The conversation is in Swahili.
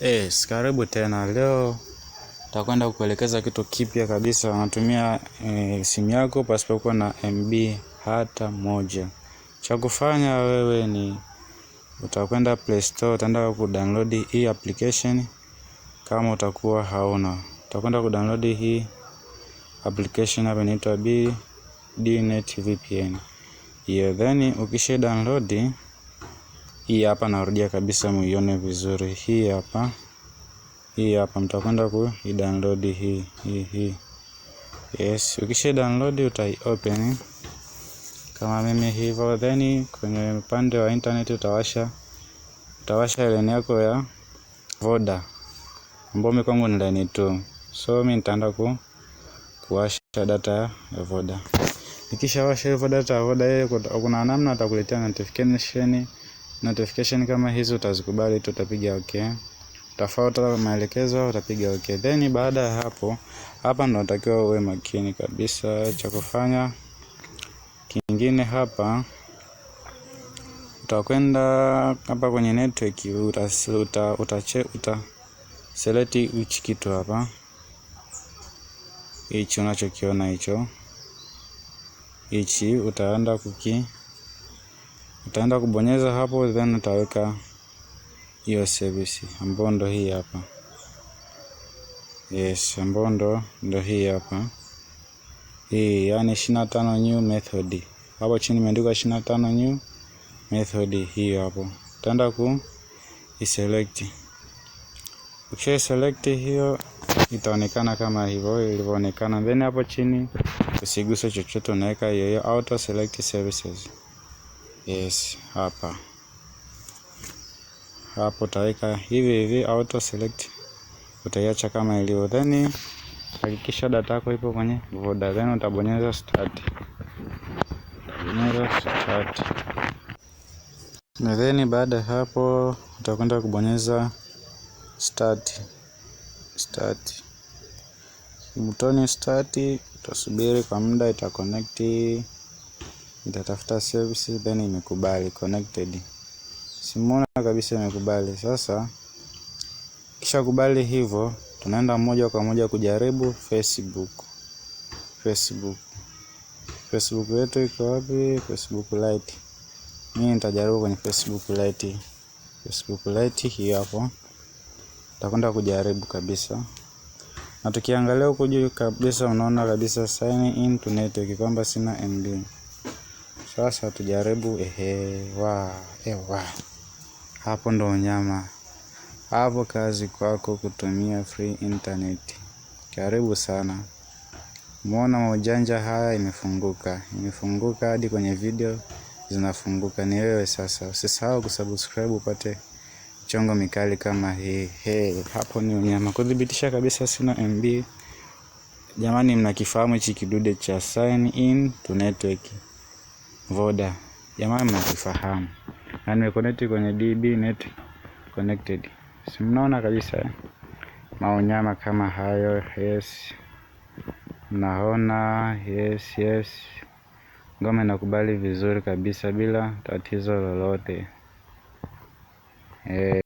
Yes, eh, karibu tena. Leo takwenda kukuelekeza kitu kipya kabisa. Unatumia e, eh, simu yako pasipokuwa na MB hata moja. Cha kufanya wewe ni utakwenda Play Store, utaenda kudownload hii application kama utakuwa hauna. Utakwenda kudownload hii application hapa inaitwa BDNet VPN. Yeah, then ukisha download hii hapa narudia kabisa muione vizuri. Hii hapa. Hii hapa mtakwenda ku download hii hii hii. Yes, ukisha download utai open kama mimi hivyo, then kwenye upande wa internet utawasha utawasha line yako ya Voda ambayo mimi kwangu ni line 2. So mimi nitaenda ku kuwasha data ya Voda. Nikishawasha hiyo data ya Voda, kuna namna atakuletea notification Notification kama hizi utazikubali tu, utapiga okay. Utafuata maelekezo, utapiga okay. Then baada ya hapo, hapa ndo unatakiwa uwe makini kabisa cha kufanya. Kingine hapa utakwenda hapa kwenye network uta, uta select hichi kitu hapa hichi unachokiona hicho hichi utaenda kuki Utaenda kubonyeza hapo then utaweka hiyo service ambayo ndo hii hapa. Yes, ambayo ndo ndo hii hapa. Hii yani 25 new method. Hapo chini imeandikwa 25 new method hiyo hapo. Utaenda ku iselect. Ukisha select hiyo itaonekana kama hivyo ilivyoonekana. Then hapo chini usiguse chochote, unaweka hiyo auto select services. Yes, hapa hapo utaweka hivi hivi auto select, utaiacha kama ilivyo, then hakikisha data yako ipo kwenye voda, then utabonyeza start, utabonyeza start, na then baada ya hapo utakwenda kubonyeza start, start button start, utasubiri kwa muda itakonekti. Nitatafuta service then imekubali connected. Simuona kabisa imekubali. Sasa kisha kubali hivyo, tunaenda moja kwa moja kujaribu Facebook. Facebook Facebook yetu iko wapi? Facebook Lite. Mimi nitajaribu kwenye Facebook Lite. Facebook Lite hii hapo, takwenda kujaribu kabisa, na tukiangalia huko juu kabisa, unaona kabisa sign in to network kwamba sina MB. Sasa tujaribu ehewa, ewa. Eh, hapo ndo unyama. Hapo kazi kwako kutumia free internet. Karibu sana. Umeona maujanja haya imefunguka. Imefunguka hadi kwenye video zinafunguka ni wewe sasa. Usisahau kusubscribe upate chongo mikali kama hii. Hey, hapo ni unyama. Kudhibitisha kabisa sina MB. Jamani mnakifahamu hichi kidude cha sign in to network. Voda, jamani mnatufahamu. Na nimeconnect kwenye DB net connected. Si mnaona kabisa maonyama kama hayo? Yes, mnaona? Yes, yes, Ngome inakubali vizuri kabisa bila tatizo lolote. Eh.